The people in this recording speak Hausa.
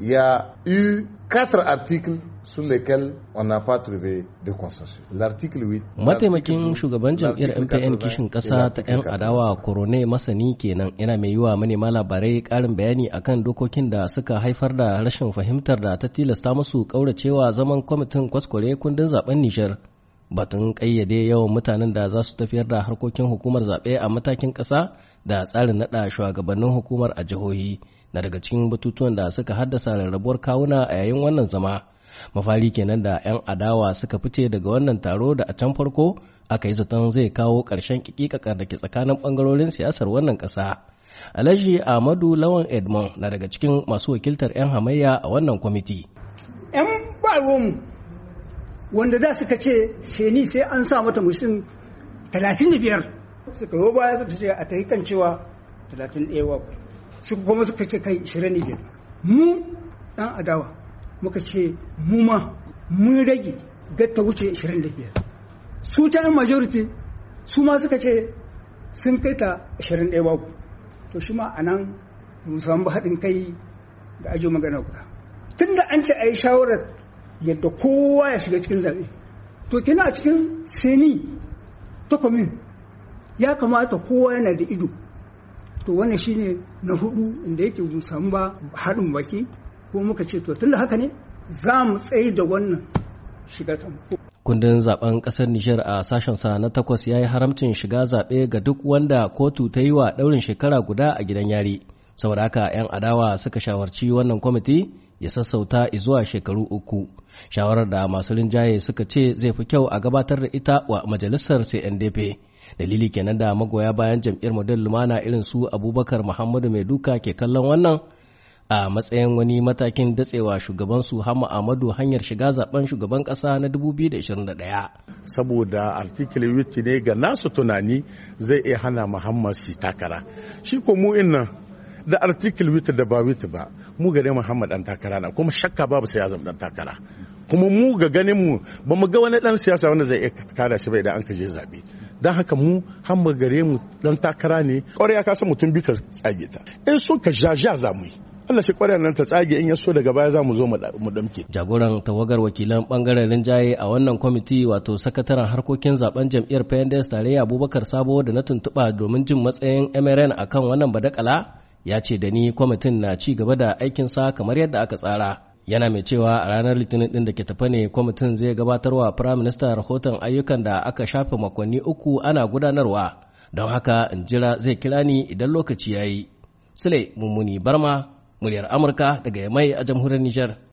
il y a eu quatre articles sur lesquels on n'a pas trouvé de consensus. L'article 8. Mataimakin shugaban jam'iyyar MPN kishin kasa ta 'yan adawa korone masani kenan yana mai yiwa manema labarai ƙarin bayani akan dokokin da suka haifar da rashin fahimtar da ta tilasta musu kauracewa zaman kwamitin kwaskware kundin zaben Nijar. Batun kayyade yawan mutanen da za su tafiyar da harkokin hukumar zaɓe a matakin ƙasa da tsarin naɗa shugabannin hukumar a jihohi. na daga cikin batutuwan da suka haddasa rarrabuwar kawuna a yayin wannan zama mafari kenan da 'yan adawa suka fice daga wannan taro da a can farko aka yi zaton zai kawo ƙarshen kikikakar da ke tsakanin ɓangarorin siyasar wannan ƙasa alhaji ahmadu lawan edmond na daga cikin masu wakiltar 'yan hamayya a wannan kwamiti 'yan bawon wanda da suka ce feni sai an sa mata mutum 35 suka yi baya suka ce a ta kan cewa 31 su kuma suka ce kai ne biyar mu dan adawa muka ce mu ma mun rage gatta wuce biyar su ta yan majority su ma suka ce sun kai ta ɗaya babu to shi ma a nan musamman haɗin kai da ajo magana guda tun da an ce a yi shawarar yadda kowa ya shiga cikin zaɓe to kina a cikin seni ta kwamin ya kamata kowa yana da ido to wannan ne na hudu inda yake mu samu ba haɗin baki ko muka ce to tunda haka ne za mu tsaye da wannan shiga ta kundin zaben kasar Nijar a sashen sa na takwas ya yi haramcin shiga zaɓe ga duk wanda kotu ta yi wa ɗaurin shekara guda a gidan yari saboda haka 'yan adawa suka shawarci wannan kwamiti ya sassauta zuwa shekaru uku shawarar da masu rinjaye suka ce zai fi kyau a gabatar da ita wa majalisar cndp dalili kenan da magoya bayan jam'iyyar model lumana irin su abubakar muhammadu mai duka ke kallon wannan a matsayin wani matakin datsewa shugabansu hama amadu hanyar shiga zaben shugaban kasa na 2021 saboda article wiki ne ga nasu tunani zai iya hana muhammad shi takara shi ko mu innan da article wita da ba wita ba mu gare Muhammad dan takara na kuma shakka babu sai Azam dan takara kuma mu ga ganin mu ba mu ga wani dan siyasa wanda zai iya kada shi ba idan an kaje zabe don haka mu hamba gare mu dan takara ne kwarai ya kasa mutum bi ka tsage ta in so ka jaja za mu yi Allah shi kwarai nan ta tsage in ya so daga baya za mu zo mu damke jagoran tawagar wakilan bangaren rinjaye a wannan kwamiti wato sakataren harkokin zaben jam'iyyar PNDS tare Abubakar Sabo da na tuntuɓa domin jin matsayin MRN akan wannan badakala ya ce da ni kwamitin na ci gaba da aikinsa kamar yadda aka tsara yana mai cewa a ranar litinin din da ke tafa ne kwamitin zai gabatarwa firayim minista rahoton ayyukan da aka shafe makonni uku ana gudanarwa don haka in jira zai kira ni idan lokaci ya yi sule mummuni barma muryar amurka daga yamai a jamhuriyar nijar